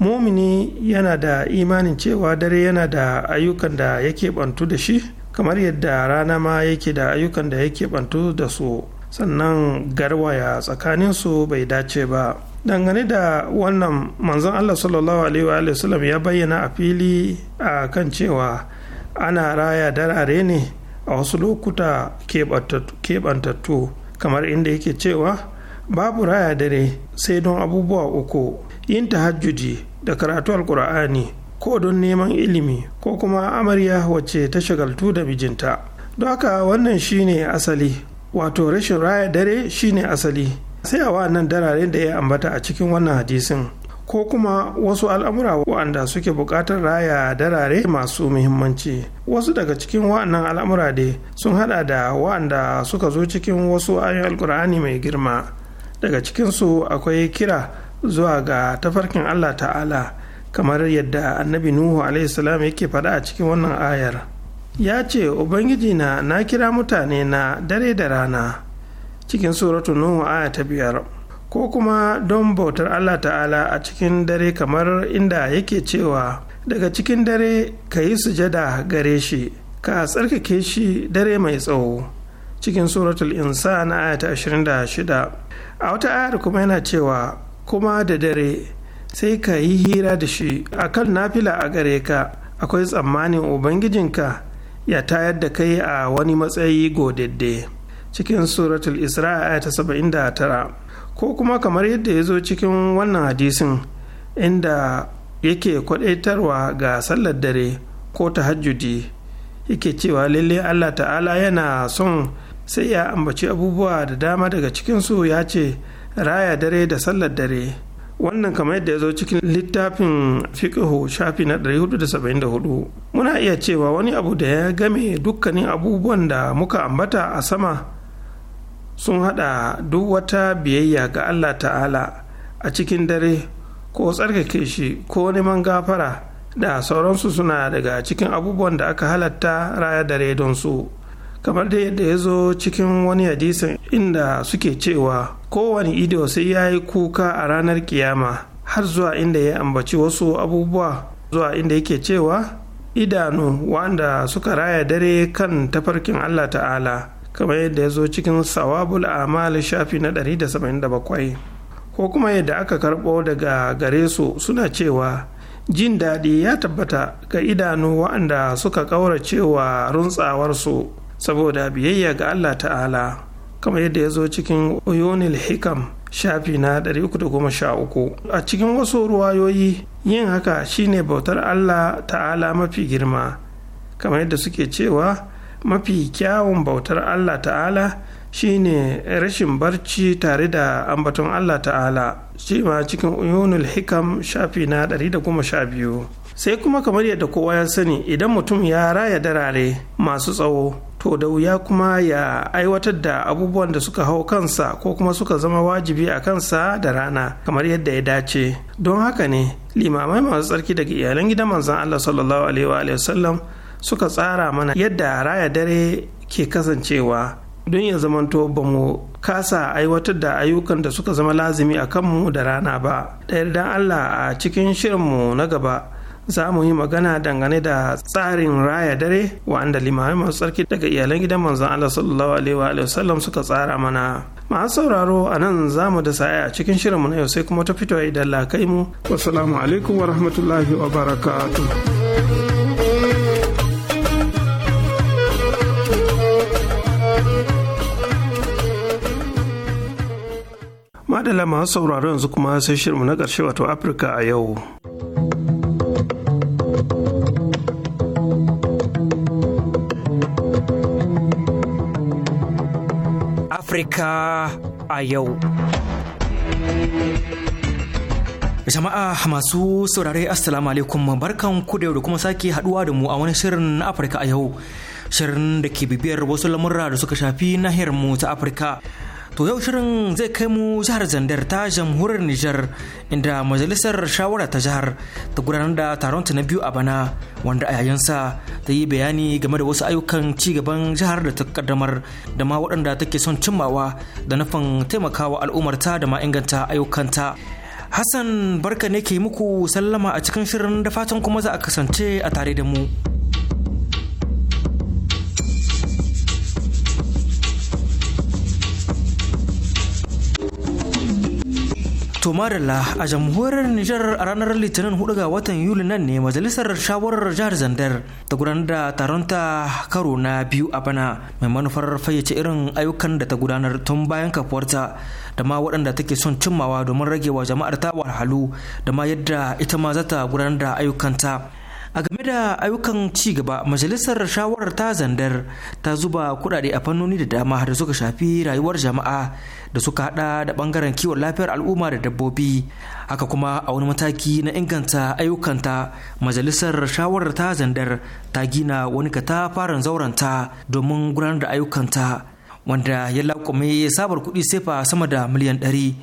mumini yana da imanin cewa dare yana da ayyukan da yake bantu da shi kamar yadda rana ma yake da ayyukan da yake bantu da su sannan garwaya tsakaninsu bai dace ba dangane da wannan manzon allah sallallahu alaihi wasallam ya bayyana a fili a kan cewa ana raya darare ne a wasu lokuta keɓantattu kamar inda yake cewa babu raya dare sai don abubuwa uku yin tahajjuji da karatu alkur'ani ko don neman ilimi ko kuma amarya wacce ta shagaltu da mijinta don haka wannan shine asali wato rashin raya dare shine asali sai a wa'annan darare da ya ambata a cikin wannan hadisin ko kuma wasu al'amura wa'anda suke buƙatar raya darare masu muhimmanci wasu daga cikin wa'annan al'amura da sun hada da wa'anda suka zo cikin wasu ayoyin alkur'ani mai girma daga cikinsu akwai kira zuwa ga tafarkin allah ta'ala kamar yadda annabi nuhu salam yake faɗa a cikin wannan ayar ya ce ubangiji na na kira mutane na dare da rana cikin suratun nuhu aya ta biyar ko kuma don bautar allah ta'ala a cikin dare kamar inda yake cewa daga cikin dare ka yi sujada gare shi ka tsarkake shi dare mai tsawo cikin suratul insa na aya ta 26 a wata ayar kuma yana cewa kuma da dare sai ka yi hira da shi a kan nafila a gare ka akwai tsammanin ubangijinka ya tayar da kai a wani matsayi godadde. cikin suratul isra saba'in ta tara, ko kuma kamar yadda ya zo cikin wannan hadisin inda yake kwadaitarwa ga sallar dare ko tahajjudi yake cewa lalle allah ta'ala yana son sai ya ambaci abubuwa da dama daga cikinsu ya ce raya dare da sallar dare wannan kamar yadda ya zo cikin littafin fiqhu shafi na 474 muna iya cewa wani abu da ya game dukkanin abubuwan da muka ambata a sama sun hada duk wata biyayya ga allah ta'ala a cikin dare ko tsarkake shi ko neman gafara da sauransu suna daga cikin abubuwan da aka halatta raya dare don su kamar da yadda ya zo cikin wani hadisin inda suke cewa kowane ido sai ya yi kuka a ranar kiyama har zuwa inda ya ambaci wasu abubuwa zuwa inda yake cewa idanu wanda suka raya dare kan tafarkin allah ta'ala kamar yadda ya zo cikin sawabul amal shafi na 177 ko kuma yadda aka karɓo daga gare su suna cewa jin daɗi ya tabbata ga idanu waɗanda suka cewa runtsawarsu saboda biyayya ga Allah ta'ala kamar yadda ya zo cikin uyunil hikam shafi na 313 a cikin wasu ruwayoyi yin haka shine bautar Allah ta'ala mafi girma kamar yadda suke cewa mafi kyawun bautar allah ta'ala shine rashin barci tare da ambaton allah ta'ala shi ma cikin uyunul hikam shafi na 112 sai kuma kamar yadda kowa ya sani idan mutum ya raya darare masu tsawo to da wuya kuma ya aiwatar da abubuwan da suka hau kansa ko kuma suka zama wajibi a kansa da rana kamar yadda ya dace don haka ne limamai masu tsarki daga iyalan gidan manzan allah sallallahu alaihi wa sallam suka tsara mana yadda raya dare ke kasancewa don ya zamanto ba mu kasa aiwatar da ayyukan da suka zama lazimi a kanmu da rana ba da yardan allah a cikin shirinmu na gaba za mu yi magana dangane da tsarin raya dare wa'anda limami masu tsarki daga iyalan gidan manzon Allah sallallahu alaihi wa sallam suka tsara mana masu sauraro a nan za mu da sa'a a cikin shirinmu na yau sai kuma ta fito idan lakai mu wasalamu alaikum wa rahmatullahi madala masu sauraro yanzu kuma sai shirinmu na ƙarshe wato afirka a yau afirka a yau jama'a masu saurare assalamu alaikum barkan ku da yau da kuma sake haduwa da mu a wani shirin na afirka a yau shirin da ke bibiyar wasu lamurra da suka shafi nahiyar mu ta afirka To yau shirin zai kai mu jihar Zandar ta jamhuriyar Nijar inda majalisar shawara ta jihar ta gudanar da taron ta na biyu a bana wanda a yayinsa ta yi bayani game da wasu ayyukan ci gaban jihar da ta kaddamar da ma waɗanda take son cimmawa da nufin taimakawa al'ummarta da ma inganta ayyukanta. Hassan barka ne ke muku sallama a cikin shirin da fatan kuma za a kasance a tare da mu. To madalla a jamhuriyar Nijar a ranar Litinin 4 ga watan Yuli nan ne majalisar shawarar jihar Zandar ta gudanar da taron ta karo na biyu a bana mai manufar fayyace irin ayyukan da ta gudanar tun bayan kafuwarta da ma waɗanda take son cimmawa domin rage wa jama'ar ta wahalhalu da ma yadda ita ma za ta gudanar da ayyukanta. a game da ayyukan ci gaba majalisar shawarar ta zandar ta zuba kudade a fannoni da dama da suka shafi rayuwar jama'a da suka hada da bangaren kiwon lafiyar al'umma da dabbobi haka kuma a wani mataki na inganta ayyukanta majalisar shawarar ta zandar ta gina wani katafaren zauranta domin gudanar da ayyukanta wanda ya laƙume sabar kuɗi sefa sama da miliyan ɗari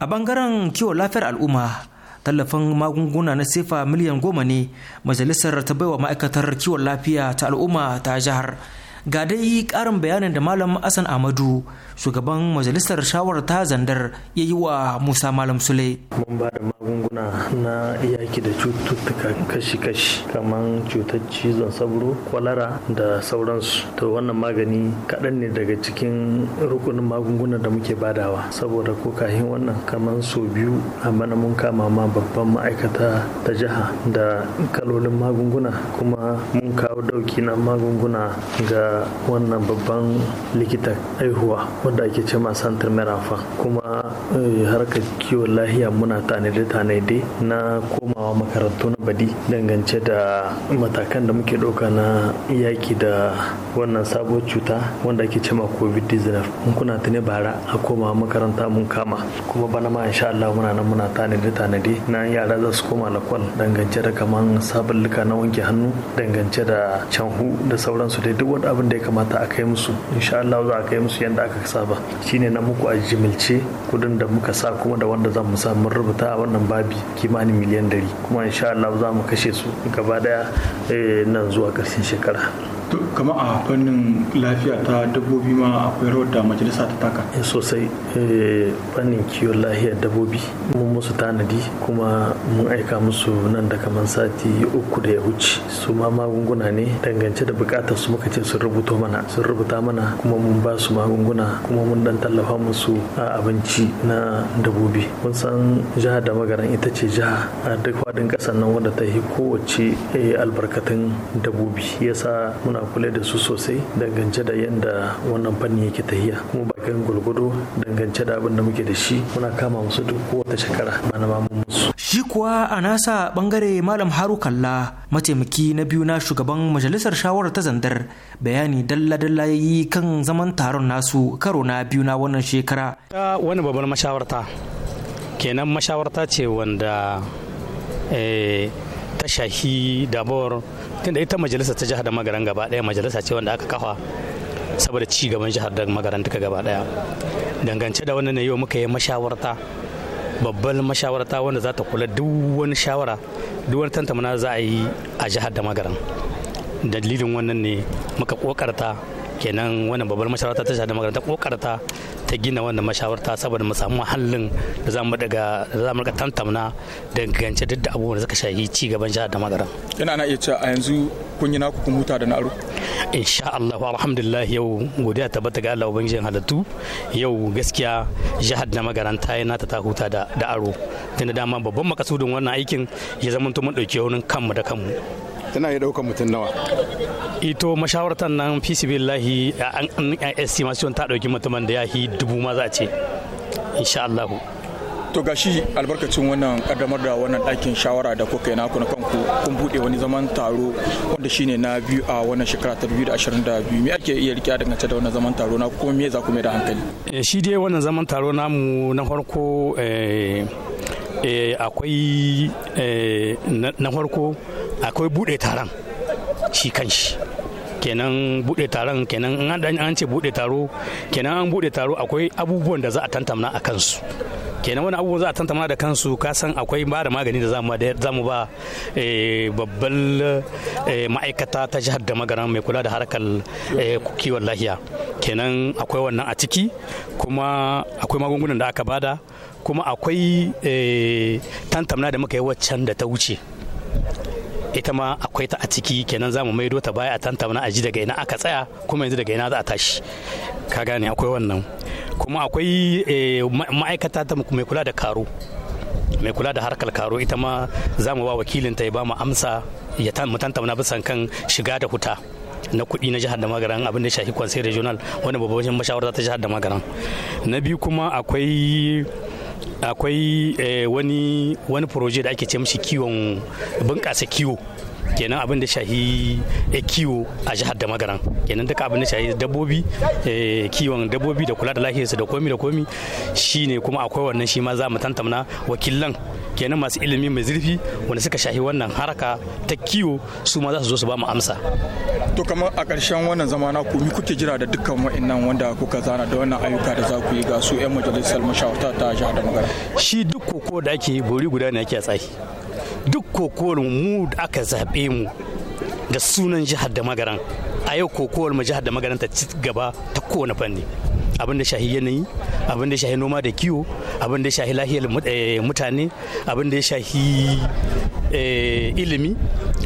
a bangaren kiwon lafiyar al'umma tallafin magunguna na sefa miliyan goma ne majalisar ta baiwa ma'aikatar kiwon lafiya ta al'umma ta jihar ga dai karin bayanin da malam asan amadu shugaban majalisar shawarar ta zandar ya yi wa musa malam sule mun ba da magunguna na yaki da cututtuka kashi-kashi kamar cutar cizon sabro kwalara da sauransu to wannan magani kaɗan ne daga cikin rukunin magunguna da muke badawa saboda ko kahin wannan kamar sau biyu a mana mun kama ma babban ma'aikata ta jiha da kalolin magunguna kuma mun kawo dauki na magunguna ga wannan babban likita aihuwa wanda ake ce ma santar merafa kuma eh, harkar kiwon lahiya muna tanade-tanade na komawa makarantu na badi dangance da matakan da muke ɗauka na yaki da wannan sabuwar cuta wanda ake ce ma covid-19 mun kuna tuni bara a komawa makaranta mun kama kuma bana ma insha Allah muna nan muna tanade-tanade na yara za su koma lakwal dangance da kaman sabulluka na wanke hannu dangance da canhu da sauransu dai duk wani abin abin da ya kamata a kai musu insha Allah za a kai musu yadda aka saba shine na muku a jimilce kudin da muka sa kuma da wanda za mu sa mun rubuta a wannan babi kimanin miliyan dari kuma insha Allah za mu kashe su gaba daya eh, nan zuwa ƙarshen shekara kama a fannin lafiya ta dabbobi ma akwai rawar da majalisa ta taka eh, sosai eh, fannin kiwon lafiyar dabbobi mun musu tanadi kuma mun aika musu nan da kamar sati uku da ya wuce su ma magunguna ne dangance da bukatar su muka ce sun rubuto mana sun rubuta mana kuma mun ba su magunguna kuma mun dan tallafa musu a abinci na dabbobi mun san jihar da magaran ita ce jiha a duk faɗin ƙasar nan wadda ta yi kowace eh, albarkatun dabbobi yasa muna muna kula da su sosai dangance da yadda wannan fanni yake tahiya kuma bakin gulgudu dangance da abin da muke da shi muna kama musu duk kowace shekara bana ma musu shi kuwa a nasa bangare malam haru kalla mataimaki na biyu na shugaban majalisar shawarar ta zandar bayani dalla-dalla ya yi kan zaman taron nasu karo na biyu na wannan shekara wani babban mashawarta kenan mashawarta ce wanda eh, ta shahi dabar tunda ita majalisa ta jihar da magaran gaba daya majalisa ce wanda aka kafa saboda ci gaban jihar da magaran duka gaba daya dangance da wannan ne yau muka yi mashawarta babbar mashawarta wanda za ta kula duk wani shawara duk wani tantamana za a yi a jihar da magaran dalilin wannan ne muka kokarta kenan wannan babbar mashawarta ta shaɗa makaranta kokarta ta gina wannan mashawarta saboda mu samu halin da za mu daga da za mu tantamna dangance duk da abubuwan da suka shafi ci gaban jihar da magaran ina na iya cewa a yanzu kun yi naku kun huta da na aro insha Allah alhamdulillah yau godiya tabbata ga Allah ubangijin halittu yau gaskiya jihar da magaran ta yi nata ta huta da da aro tunda dama babban makasudin wannan aikin ya zama mun dauke wurin kanmu da kanmu tana iya daukar mutum nawa ito mashawartar nan lahi an estimation ta dauki mutumin da ya yi dubu ma za ce insha Allah to gashi albarkacin wannan kaddamar da wannan ɗakin shawara da kuka yi naku na kanku kun buɗe wani zaman taro wanda shine na biyu a wannan shekara ta 2022 me ake iya rike dangance da wannan zaman taro na kuma me za ku mai da hankali eh, shi dai wannan zaman taro namu na farko eh, eh, akwai na farko akwai buɗe taron shi kanshi kenan bude taron kenan an ce bude taro kenan an bude taro akwai abubuwan da za a tantamna a kansu kenan wani abubuwan za a tantamna da kansu ka san akwai ba da magani da za mu ba eh, babban eh, ma'aikata ta jihar da magana mai kula da harkar eh, kiwon lahiya kenan akwai wannan a ciki kuma akwai magungunan da aka bada kuma akwai tantamna da muka yi waccan da ta wuce ita ma akwai ta a ciki kenan za mu maido ta baya a tantamna a ji daga ina aka tsaya kuma yanzu daga ina za a tashi ka gane akwai wannan kuma akwai eh, ma'aikata ta mai kula da karo mai kula da harkar karo ita ma za mu ba ta ya ba mu amsa ya mu tantamna bisan kan shiga da huta na kuɗi na jihar da magaran abin da shafi kwansai regional wani babban mashawarta ta jihar da magaran na biyu kuma akwai akwai eh, wani wani da ake ce mishi kiwon bunƙasa kiwo kenan abin da shahi eh, kiwo a jihar da magaran kenan duka abin da shahi dabbobi eh, kiwon dabbobi da kula da lafiyarsu da komi da komi shine kuma akwai wannan shi ma za mu tantamna wakilan kenan masu ilimi mai zurfi wanda suka shahi wannan haraka ta kiwo su ma za su zo su ba mu amsa to kamar a ƙarshen wannan zama na ku kuke jira da dukkan wa'annan wanda kuka zana da wannan ayyuka da za ku yi ga su 'yan majalisar mashawarta ta jihar da magana shi duk koko da ake bori guda ne ake a tsayi duk kokowar mu da aka zaɓe mu da sunan jihar da magaran a yau kokowar mu jihar da magaran ta ci gaba ta kowane fanni abin da shahi yanayi abin da shahi noma da kiwo abin da shahi lahiyar eh, mutane abin da shahi eh, ilimi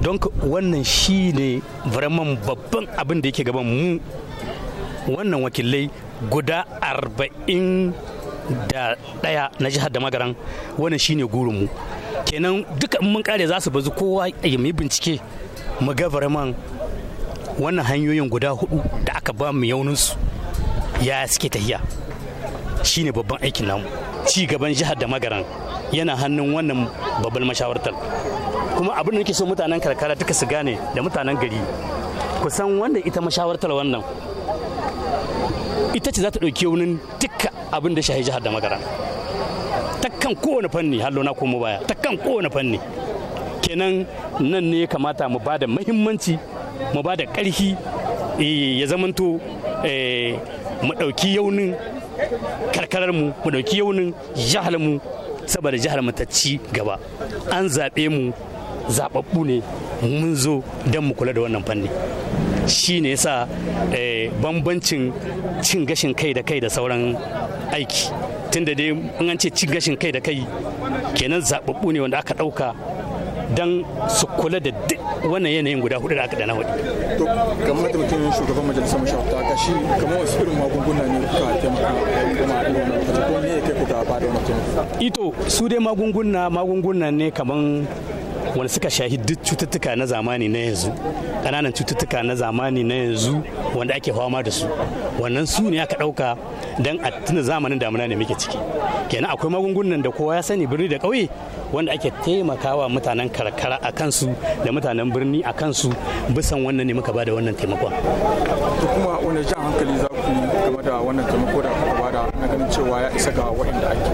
don wannan shi ne vraiment babban abin da yake gaban mu wannan wakilai guda arba'in da ɗaya na jihar da magaran wannan shine gurinmu kenan duka in mun kare za su bazu kowa ya yi bincike mu ga man wannan hanyoyin guda hudu da aka ba mu yauninsu ya suke tahiya shine babban aikin namu ci gaban jihar da magaran yana hannun wannan babban mashawartar kuma abin da nake so mutanen karkara duka su gane da mutanen gari kusan wanda ita mashawartar wannan ita ce za ta ɗauki wunin duka abin da shahi jihar da magaran ta kan kowane fanni hallo na komo baya ta kan kowane fanni kenan nan ne kamata mu ba da mahimmanci mu ba da ƙarfi eh, ya zamanto eh, mu ɗauki yaunin karkarar mu mu ɗauki yaunin jihar mu saboda jihar mu ta ci gaba an zaɓe mu zaɓaɓɓu ne mun zo don mu kula da wannan fanni shi ne yasa eh, bambancin cin gashin kai da kai da sauran aiki tun da dai in an ce ci gashin kai da kai kenan zaɓaɓɓu ne wanda aka ɗauka don su kula da duk wannan yanayin guda hudu da aka dana hudu. To, kamar da mataimakin shugaban majalisar mashawarta ka shi kamar wasu irin magunguna ne ka taimaka kuma a irin wannan ko ne ya kai ku ga ba da wannan Ito, su dai magunguna magunguna ne kamar wanda suka shahi duk cututtuka na zamani na yanzu ƙananan cututtuka na zamani na yanzu wanda ake fama da su wannan su ne aka ɗauka don a tuna zamanin damuna ne muke ciki kenan akwai magungunan da kowa ya sani birni da ƙauye wanda ake taimakawa mutanen karkara a kansu da mutanen birni a kansu bisan wannan ne muka bada wannan taimakon kuma wani jan hankali za ku game da wannan taimako da kuka bada na ganin cewa ya isa ga waɗanda ake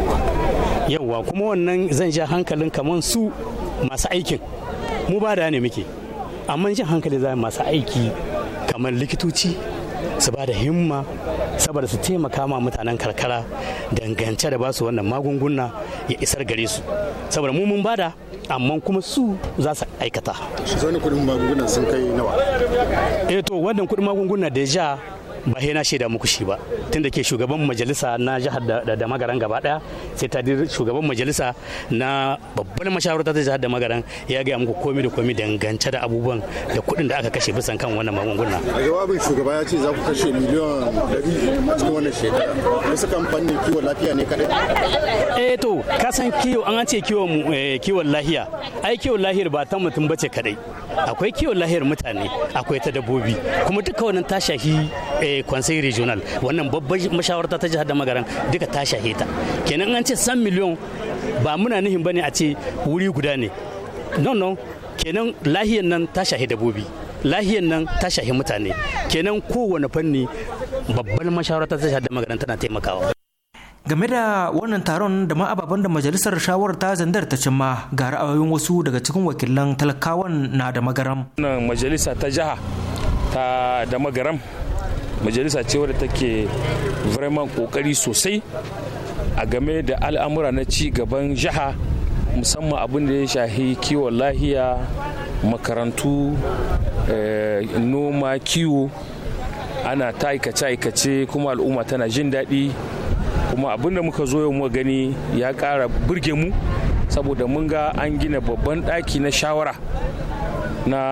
yauwa kuma wannan zan ja hankalin kamar su masu aikin mu ba da ne muke amma jin hankali za masu aiki kamar likitoci su ba da himma saboda su taimaka ma mutanen karkara dangance da basu wannan magunguna ya isar gare su saboda mu mun bada amma kuma su za su aikata. Shi kudin magunguna sun kai nawa? Eh to wannan kudin magunguna da ja ba na shaida muku shi ba da ke shugaban majalisa na jihar da magaran gaba daya sai ta shugaban majalisa na babban mashawarta ta jihar da magaran ya gaya muku komi da komi dangance da abubuwan da kuɗin da aka kashe bisan kan wannan magunguna a jawabin shugaba ya ce za ku kashe miliyan 100 cikin wannan shekara wasu kamfanin kiwon lafiya ne kada. eh to ka san kiwo an ce kiwon eh, kiwon lahiya ai kiwon lahiyar ba ta mutum bace kadai akwai kiwon lahiyar mutane akwai ta dabbobi kuma duka wannan ta shahi eh, conseil regional wannan babban mashawarta ta jihar da magaran duka ta shahe ta kenan an ce san miliyon ba muna nihin bane a ce wuri guda ne non non kenan lahiyan nan ta shahe dabobi lahiyan nan ta shahe mutane kenan kowane fanni babban mashawarta ta jihar da magaran tana taimakawa game da wannan taron da ma ababen da majalisar shawarar ta zandar ta cimma ga ra'ayoyin wasu daga cikin wakilan talakawan na da magaram. Wannan majalisa ta jiha ta da magaram majalisa ce wadda take vraiment kokari sosai a game da al'amura na ci gaban jiha musamman abin da ya shahi kiwon lahiya makarantu eh, noma kiwo ana ta aikace-aikace kuma al'umma tana jin daɗi kuma abin da muka zo yau gani ya ƙara burge mu saboda mun ga an gina babban ɗaki na shawara na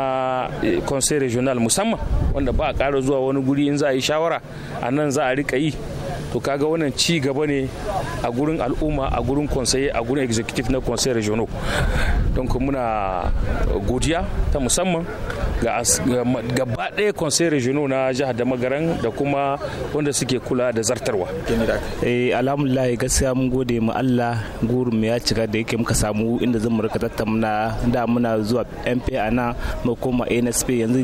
eh, conseil regional musamman wanda ba a ƙara zuwa wani guri in za a yi shawara a nan za a rika yi to kaga wannan ci gaba ne a gurin al'umma a gurin conseil a gurin executive na conseil regional don muna godiya ta musamman ga gaba ɗaya conseil regional na jihar da magaran da kuma wanda suke kula da zartarwa eh, alhamdulillah gaskiya mun gode mu Allah gurin mu ya cika da yake muka samu inda zan rika tattauna da muna zuwa MPA nan mu koma NSP yanzu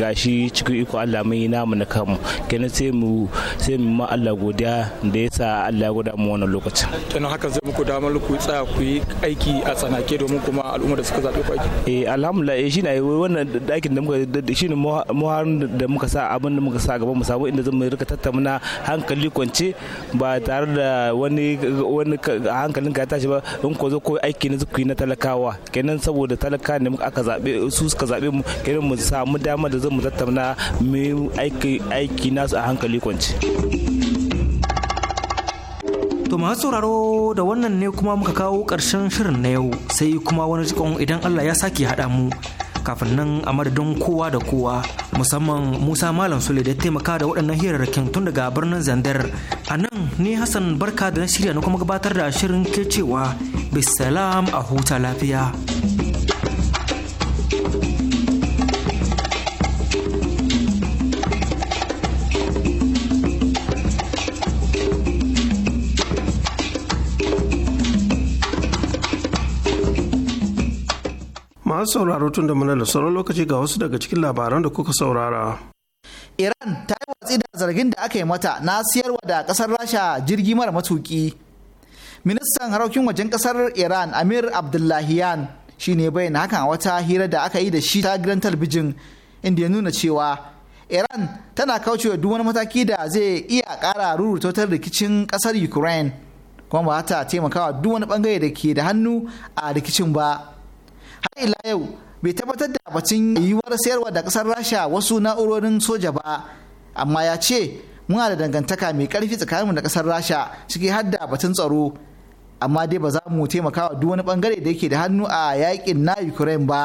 gashi cikin iko Allah mun yi namu na kanmu kenan sai mu sai mu ma Allah godiya gida da ya sa Allah ya gwada mu wannan lokacin. Tana haka zai muku dama ku tsaya ku yi aiki a tsanake domin kuma al'umma da suka zaɓe ku aiki. Eh alhamdulillah eh shi ne wannan ɗakin da muka shi ne muharin da muka sa abin da muka sa gaba mu samu inda zamu rika tattauna hankali kwance ba tare da wani wani hankalin ka tashi ba in ko zo ko aiki na zuku na talakawa kenan saboda talaka ne muka aka zaɓe su suka zaɓe mu kenan mu samu dama da zamu tattauna mu aiki aiki nasu a hankali kwance. To masu sauraro da wannan ne kuma muka kawo ƙarshen shirin na yau sai kuma wani jikon idan Allah ya sake haɗa mu. Kafin nan a madadin kowa da kowa musamman Musa Malam Sule da taimaka da waɗannan hirarrakin tun daga birnin Zandar. A nan ni Hassan Barka da na shirya na kuma gabatar da shirin ke cewa bisalam a huta lafiya. masu sauraro tun da muna da sauran lokaci ga wasu daga cikin labaran da kuka saurara. Iran ta yi watsi da zargin da aka yi mata na siyarwa da kasar Rasha jirgi mara matuki. Ministan harokin wajen kasar Iran Amir Abdullahiyan shi ne bayyana hakan a wata hira da aka yi da shi ta gidan talabijin, inda ya nuna cewa Iran tana kaucewa duk wani mataki da zai iya ƙara rurutotar rikicin ƙasar Ukraine kuma ba ta taimakawa duk wani bangare da ke da hannu a rikicin ba. har ila yau bai tabbatar da batun yiwuwar sayarwa da kasar rasha wasu na'urorin soja ba amma ya ce muna da dangantaka mai karfi tsakaninmu da kasar rasha ciki har da batun tsaro amma dai ba za mu taimaka wa duk wani bangare da yake da hannu a yakin na ukraine ba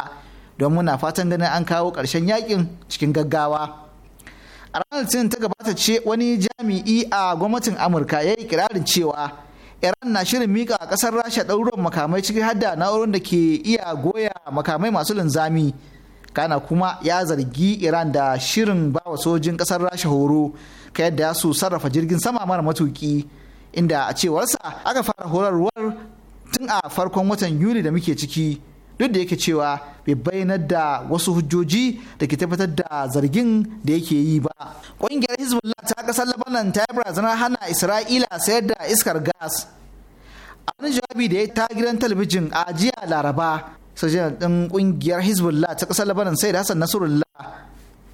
don muna fatan ganin an kawo karshen yakin cikin gaggawa a ranar ta gabata ce wani jami'i a gwamnatin amurka ya yi kirarin cewa iran na shirin mika a kasar rasha ɗaurin makamai ciki har da na'urar da ke iya goya makamai masu linzami kana kuma ya zargi iran da shirin ba wa sojin kasar rasha horo ka yadda su sarrafa jirgin sama mara matuki inda a cewarsa aka fara horarwar tun a farkon watan yuli da muke ciki duk da yake cewa bai bayyanar da wasu hujjoji da ke tabbatar da zargin da yake yi ba. Ƙungiyar Hezbollah ta ƙasar Lebanon ta yi barazanar hana Isra'ila sayar da iskar gas. A wani jawabi da ya ta gidan talabijin a jiya Laraba, sojan ɗin ƙungiyar Hezbollah ta ƙasar Lebanon sai da Hassan Nasrullah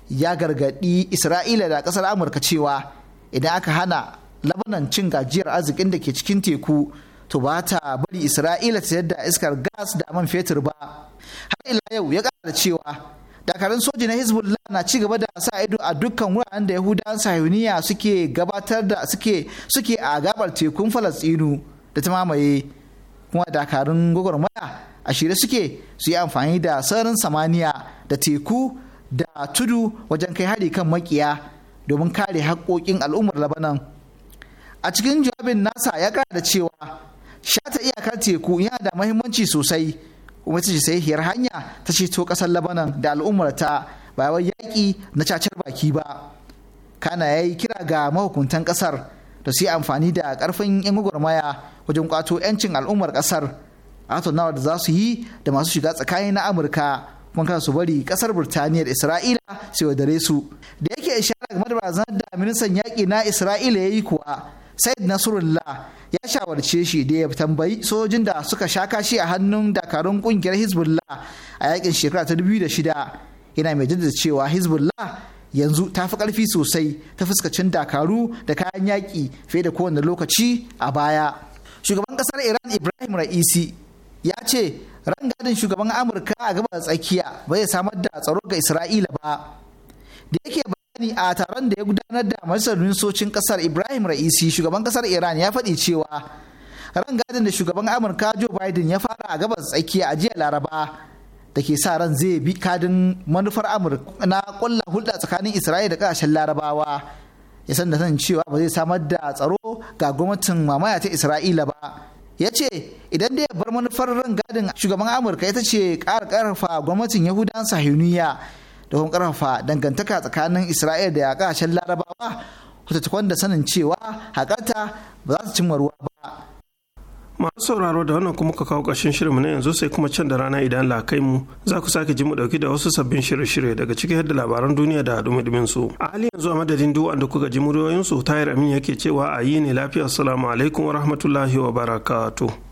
ya gargaɗi Isra'ila da ƙasar Amurka cewa idan aka hana Lebanon cin gajiyar arzikin da ke cikin teku to ba ta bari isra'ila ta yadda iskar gas da man fetur ba har ila yau ya ƙara da cewa dakarun soji na hezbollah na ci gaba da sa ido a dukkan wuraren da yahudawan sahiyuniya suke gabatar da suke suke a gabar tekun falastinu da ta mamaye kuma dakarun gwagwarmaya a shirye suke su yi amfani da sararin samaniya da teku da tudu wajen kai hari kan makiya domin kare haƙoƙin al'ummar labanan a cikin jawabin nasa ya ƙara da cewa shata iyakar teku yana da mahimmanci sosai kuma ta ce sahihiyar hanya ta ceto kasar labanan da al'ummarta ba wai yaƙi na cacar baki ba kana ya yi kira ga mahukuntan kasar da su yi amfani da ƙarfin 'yan gwagwarmaya wajen kwato 'yancin al'ummar ƙasar a tattaunawar da za su yi da masu shiga tsakani na amurka kuma kada su bari kasar Birtaniya da Isra'ila su yaudare su. Da yake ishara game da barazanar da ministan yaƙi na Isra'ila ya yi kuwa, Said Nasrullah ya shawarce shi da ya tambayi sojin da suka sha kashi a hannun dakarun kungiyar hezbollah a yakin shekara ta 2006 yana mai jaddada cewa hezbollah yanzu ta fi ƙarfi sosai ta fuskacin dakaru da kayan yaƙi fiye da kowane lokaci a baya shugaban ƙasar iran ibrahim ra'isi ya ce rangadin shugaban amurka a da tsakiya bai samar da tsaro ga isra'ila ba da yake ba. bayani a taron da ya gudanar da majalisar ministocin kasar ibrahim ra'isi shugaban kasar iran ya faɗi cewa Ran gadin da shugaban amurka joe biden ya fara a gabas tsakiya a jiya laraba da ke sa ran zai bi kadin manufar amurka na kulla hulɗa tsakanin isra'ila da kasashen larabawa ya san da san cewa ba zai samar da tsaro ga gwamnatin mamaya ta isra'ila ba ya ce idan da ya bar manufar ran gadin shugaban amurka ita ce ƙara ƙarfa gwamnatin yahudan sahiyuniya da kuma karfafa dangantaka tsakanin isra'ila da kasashen larabawa kwatattakon da sanin cewa hakarta ba za su cimma ruwa ba masu sauraro da wannan kuma ka kawo ƙarshen shirinmu na yanzu sai kuma can da rana idan la kai mu za ku sake ji mu ɗauki da wasu sabbin shirye-shirye daga ciki da labaran duniya da dumi-dumin su a hali yanzu a madadin duk wanda kuka ji muryoyin su tayar amin yake cewa a yi ne lafiya assalamu alaikum wa rahmatullahi wa barakatuh